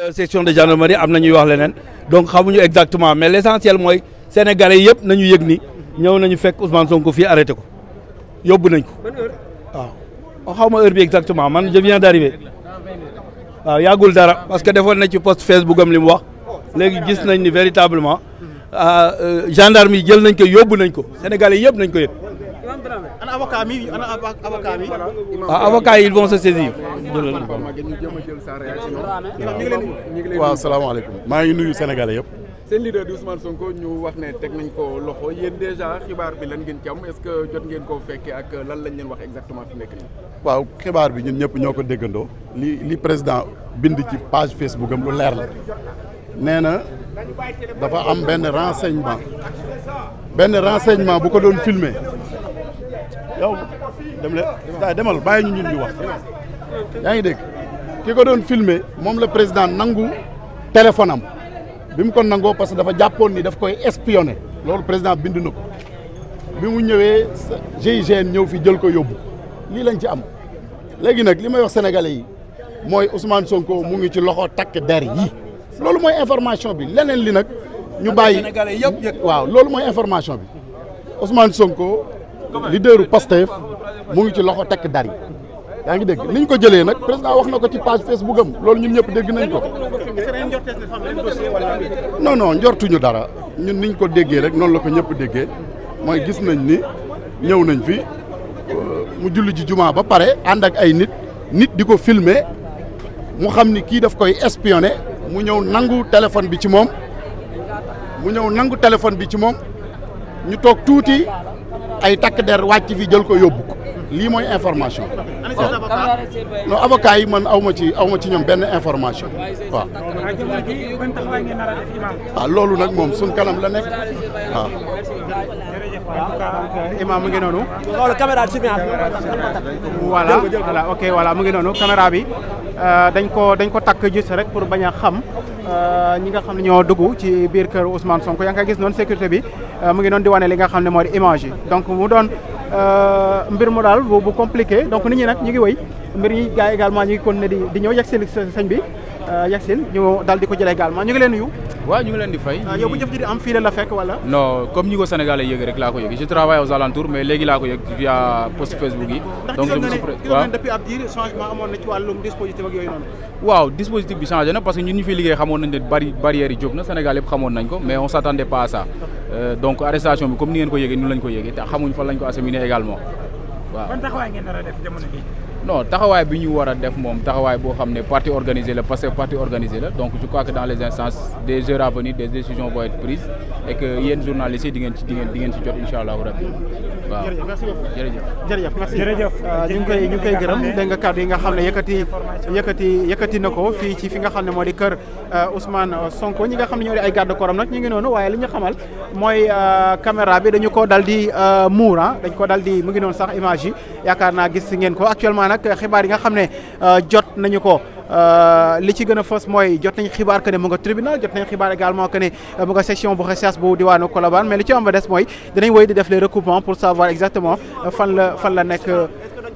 Euh, section de gendarmerie am na ñuy wax leneen donc xamuñu exactement mais l' essentiel mooy sénégalais yëpp nañu yëg ni ñëw nañu fekk Ousmane Sonko fii arrêté ko yóbbu nañ ko waaw oh, xaw ma heure bi exactement man je viens d' arriver waaw yàggul dara parce que defoon na ci post Facebook am li mu wax léegi gis nañ ni véritablement euh, euh, gendarme yi jël nañ ko yóbbu nañ ko sénégalais yëpp nañ ko yëg. ana avocat mi ana avocat mi. ah avocat yi ils vont waaw salaamaaleykum maa ngi nuyu Sénégalais yëpp. seen leader di Ousmane wax ne teg nañ ko loxo yéen déjà xibaar bi lan ngeen ci am est-ce que jot ngeen koo ak lan lañ leen wax exactement fi waaw xibaar bi ñun ñëpp ñoo ko déggandoo. li li président bind ci page Facebook am lu leer la nee na dafa am benn renseignement benn renseignement bu ko doon filmer yow dem le saa demal bàyyi ñu ñun di wax yaa ngi dégg ki ko doon filmer moom la président nangu téléphone am bi mu ko nangoo parce que dafa jàppoon nii daf koy espionné loolu président bind na ko bi mu ñëwee GIGN ñëw fi jël ko yóbbu lii lañ ci am léegi nag li may wax sénégalais yi mooy Ousmane Sonko mu ngi ci loxo takk der yi loolu mooy information bi leneen li nag ñu bàyyi waaw loolu mooy information bi Sonko leaderu Pastef mu ngi ci loxo tekk dar yi yaa ngi dégg ni ñu ko jëlee nag président wax na ko ci page Facebook am loolu ñun ñëpp dégg nañ ko. non non njortuñu dara ñun niñ ko déggee rek noonu la ko ñëpp déggee mooy gis nañ ni ñëw nañ fi euh, mu julli ji jumaa ba pare ànd ak ay nit nit di ko filmer mu xam ni kii daf koy espionner mu ñëw nangu téléphone bi ci moom mu ñëw nangu téléphone bi ci moom ñu toog tuuti. ay takk der wàcc fi jël ko yóbbu ko lii mooy information non avocat yi man aw ma ci aw ma ci ñoom benn information waaw waaw ah, moom suñ kanam la nekk en mu ngi noonu. loolu caméra de surveillance voilà ok voilà mu ngi noonu caméra bi euh, dañ ko dañ ko takk juste rek pour bañ a xam euh, ñi nga xam ne ñoo duggu ci biir kër Ousmane son yaa ngi gis noon sécurité bi euh, mu ngi noonu di wane li nga xam ne moo di image donc mu doon mbir mu daal bu bu donc ni ñi nag ñu ngi wëy mbir yi gars également ñu ngi continuer di di ñëw yegg si sëñ bi yegg si daal di ko jëlee également ñu ngi leen nuyu. waa ñu leen di fay. Ah, yow bu jëf ji di am fii la la fekk wala. non comme ñi ko Sénégalais yëg rek laa ko yëg je travaille aux alentours mais léegi laa ko yëg via post Facebook yi. donc je me na ci wàllum ñun ñu fi liggéey xamoon nañ na Sénégal yëpp xamoon nañ ko mais on s'attendait pas à euh, donc arrestation bi comme ni ngeen ko yëgee ñun lañ ko yëgee te xamuñ fan lañ ko acheminé également waaw. non taxawaay bi ñu war a def moom taxawaay boo xam ne parti organisé la parce que parti organisé la donc je crois que dans les instances des heures à venir des décisions vont être prises et que yéen journalistes yi di jot incha allahu rabi waaw. jërëjëf euh, nga kàddu yi nga xam ne yëkkati yëkkati yëkkati na ko fii ci fi nga xam ne moo di kër euh, Ousmane Sonko ñi nga xam ne ñoo di ay garde corps am nag ñu ngi noonu waaye li ñu xamal mooy euh, caméra bi dañu ko dal di muur ah. dañ ko dal di mu ngi noonu sax image yaakaar naa gis ngeen ko actuellement nag nag xibaar yi nga xam ne euh, jot nañu ko euh, li ci gën a fës mooy jot nañ xibaar que ne mu nga tribunal jot nañ xibaar également que ne euh, mu nga section bu recherche bu diwaanu Colobane mais li ci am des mooy dinañ woy di def les recoupements pour savoir exactement fan la fan la nekk.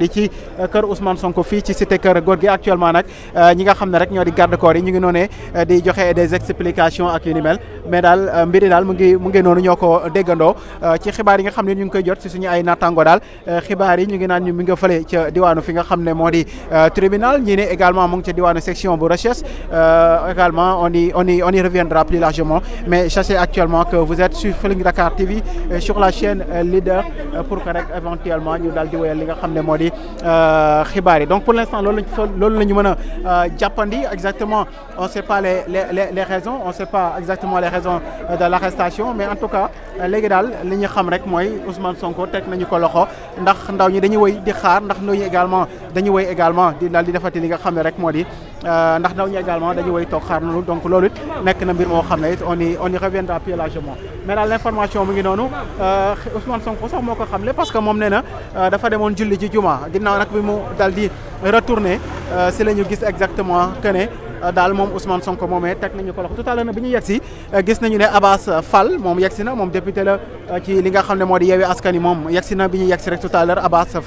di ci euh, kër fii ci cité kër góor gi actuellement nag euh, ñi nga xam ne rek ñoo di garde corps yi ñu ngi noonee euh, di joxe des explications ak yu ni daal mbiri daal mu ngi mu ngi noonu ñoo ko déggandoo ci xibaar nga xam ne ñu ngi koy jot si suñu ay nattango daal xibaar yi ñu ngi naan ñu mi nga fële ca diwaanu fi nga xam ne moo di tribunal ñii ne également mu ngi ca diwaanu section bu recherche également on y on y reviendra plus largement mais sachez actuellement que vous ne moo di ci euh, xibaar yi donc pour l' instant loolu loolu la ñu mën a euh, jàppandi exactement on sait pas les les les raisons on sait pas exactement les raisons euh, de l' arrestation mais en tout cas léegi daal li ñu xam rek mooy Ousmane Sonko teg nañu ko loxo ndax ndaw ñi dañu woy di xaar ndax ndaw ñi également dañuy woy également di daal di defati li nga xam ne rek moo di. Euh, ndax ndaw ñi également dañu woy toog xaar noonu donc loolu it nekk na mbir moo xam ne it on y on y reviendra plus largement mais daal l' information mu ngi noonu euh, Ousmane Sonko sax moo ko xamle parce que moom neena euh, dafa demoon julli ji juma ginnaaw nag bi mu dal di retourné si la gis exactement que daal moom Ousmane Sonko moomee teg nañu ko loxo tout à bi ñu yegg euh, gis nañu ne Abass Fall moom yegg na moom député la euh, ci li nga xam ne moo di yeewee askan yi moom yegg si na bi ñu yegg si rek tout à l'heure Abass euh,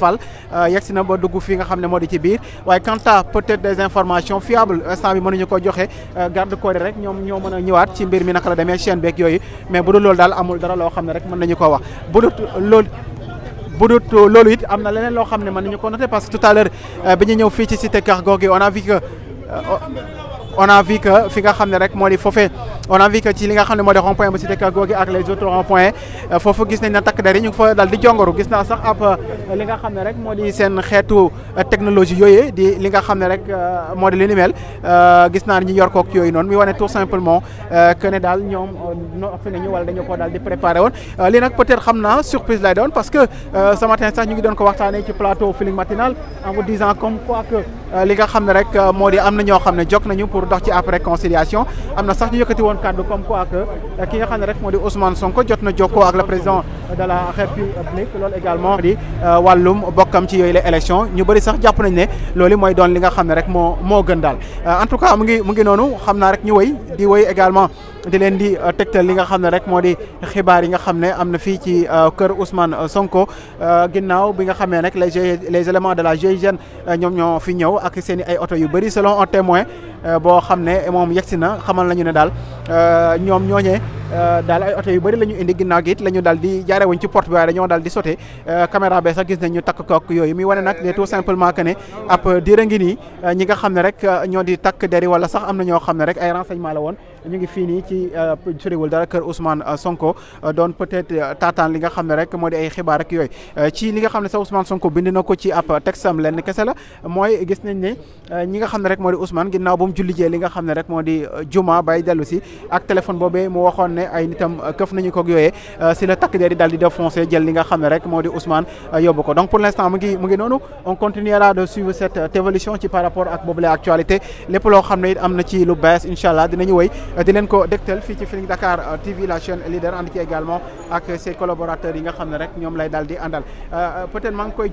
nga xam ne moo di ci biir waaye quant à peut-être ko joxe garde corps rek ñoom ñoo mën a ñëwaat ci mi naka la demee chaîne beeg yooyu mais bu dul daal amul dara loo xam ne rek mën nañu ko wax bu dul loolu budut loolu it am na leneen loo xam ne mën nañu ko noté parce que tout à ñu ñëw fii ci cité Keur Euh, on que fi xam ne rek moo di foofee on que ci li nga xam ne moo di rond point ba cité Kagou gi ak les autres rond point euh, foofu gis nañ na takk der di jongoru gis naa sax ab euh, li xam ne rek moo di seen xeetu technologie yooyu di li nga xam ne rek moo di li ni mel gis naa ñu yor kook yooyu noonu wane tout simplement que daal ñoom wala dañu ko daal di préparé woon lii nag peut être xam naa surprise lay doon parce que ce matin sax ñu ngi doon Euh, li nga xam ne rek euh, moo di am na ñoo xam ne jog nañu pour dox ci après conciliation am na sax ñu yëkkati woon kàddu comme quoi que euh, ki nga xam ne rek moo di Ousmane Sonko jot na jokkoo ak le président. de la République loolu également di euh, wàllum bokkam ci yooyu la élection ñu bëri sax jàpp nañ ne loolu mooy doon li nga xam ne rek moo moo gën daal euh, en tout cas mu ngi mu ngi noonu xam naa rek ñu woy di woy également di leen di euh, tegtal li nga xam ne rek moo di xibaar yi nga xam ne am na fii ci kër Ousmane Sonko ginnaaw bi nga xamee rek les les éléments de la GIGN ñoom ñoo fi ñëw ak seen i ay oto yu bëri selon un témoin boo xam ne moom yegsi na xamal nañu ne daal ñoom ñooñee Euh, daal ay oto yu bëri la indi ginnaaw gi it la ñu daal di jaare wuñ ci porte bi waaye dañoo daal di sauté euh, caméra bee sax gis nañ ñu takk kook yooyu muy wane nag ne tout simplement que ne ab diira ngi nii euh, ñi nga xam ne rek ñoo di takk deri wala sax am na ñoo xam ne rek ay renseignement la woon ñu ngi fii nii ci soriwul dara kër Ousmane Sonko doon peut-être taataan li nga xam ne rek moo di ay xibaar ak yooyu ci li nga xam ne sax Ousmane Sonko bind na ko ci ab texte am lenn kese la mooy gis nañ ne ñi nga xam ne rek moo di Ousmane ginnaaw bu mu jullijee li nga xam ne rek moo di juma bay dellu si ak téléphone boobee mu waxoon ne ay nitam euh, këf nañu koog yooyee euh, si la takk der yi daal di def foncé jël li nga xam ne rek moo di Ousmane euh, yóbbu ko donc pour l'instant mu ngi noonu on continuera de suivre cette évolution ci par rapport ak boobule actualité lépp loo xam ne it am na ci lu bees incha allah dinañu wéy di leen ko dégtal fii ci Feeling Dakar TV la chaîne leader ànd ci également ak ses collaborateurs yi nga xam ne rek ñoom lay daal di àndal peut-être maa ko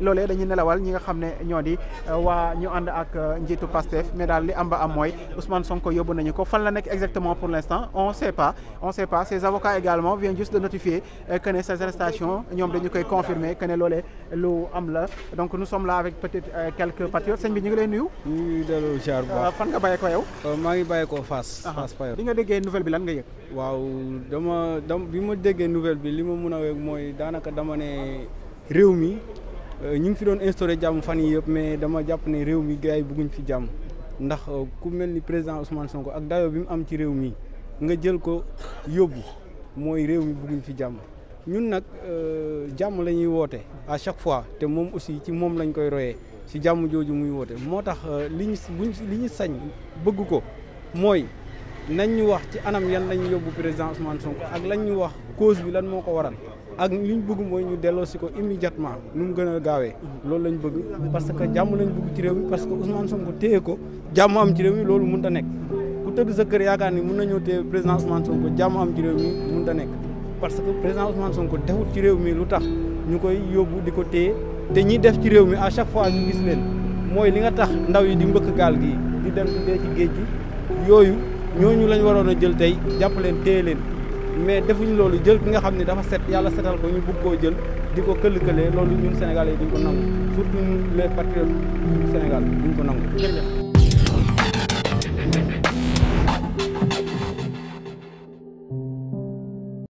loole dañu nelawal ñi nga xam ne ñoo di euh, waa ñu ànd ak euh, njiitu Pastef mais daal li am ba am mooy Ousmane Sonko yóbbu nañu ko fan la nekk exactement pour l'instant on sait pas on sait pas ses avocats également viennent juste de notifier euh, que ne ces arrestations ñoom dañu koy confirmer que ne loolee lu am la donc nu sommes la avec peut-être quelques patriotes sëñ bi ñu ngi lay nuyu. ñu ngi dellu ziar bu baax fan nga bàyyee ko yow. maa ngi bàyyee ko Fass. Ah, Fass Paye. bi nga déggee nouvelle bi lan nga yëg. waaw dama dama bi ma déggee nouvelle bi li ma mën a mooy daanaka dama ne réew mi. Euh, ñu ngi fi doon instauré jàmm fan yi yëpp mais dama jàpp ne réew mi gars yi bëgguñ fi jàmm ndax euh, ku mel ni président Ousmane Sonko ak dayo bi mu am ci réew mi nga jël ko yóbbu mooy réew mi bëgguñ fi jàmm ñun nag euh, jàmm la ñuy woote à chaque fois te moom aussi ci moom lañ koy royee si jàmm jooju muy woote moo tax li ñu buñ li ñu sañ bëgg ko mooy nañ ñu wax ci anam yan lañ yóbbu président Ousmane Sonko ak lañ ñu wax cause bi lan moo ko waral ak li ñu bëgg mooy ñu delloo si ko immédiatement nu mu gën a gaawee loolu lañ bëgg parce que jàmm lañ bëgg ci réew mi parce que Ousmane Sonko téye ko jàmm am ci réew mi loolu mun a nekk ku tëgg sa kër yaakaar ni mën nañoo téye président Ousmane Sonko jàmm nekk parce que président Ousmane Sonko defut ci réew mi lu tax ñu koy yóbbu di ko téye te ñi def ci réew mi à chaque fois ñu gis leen mooy li nga tax ndaw yi di mbëkk gaal gi di dem dee ci géej gi yooyu ñooñu lañu waroon a jël tey jàpp leen téye leen mais defuñu loolu jël bi nga xam ne dafa set yàlla setal ko ñu bëgg koo jël di ko këll-këlee loolu ñun Sénégalais yi duñ ko nangu surtout les patriotes du Sénégal duñ ko nangu.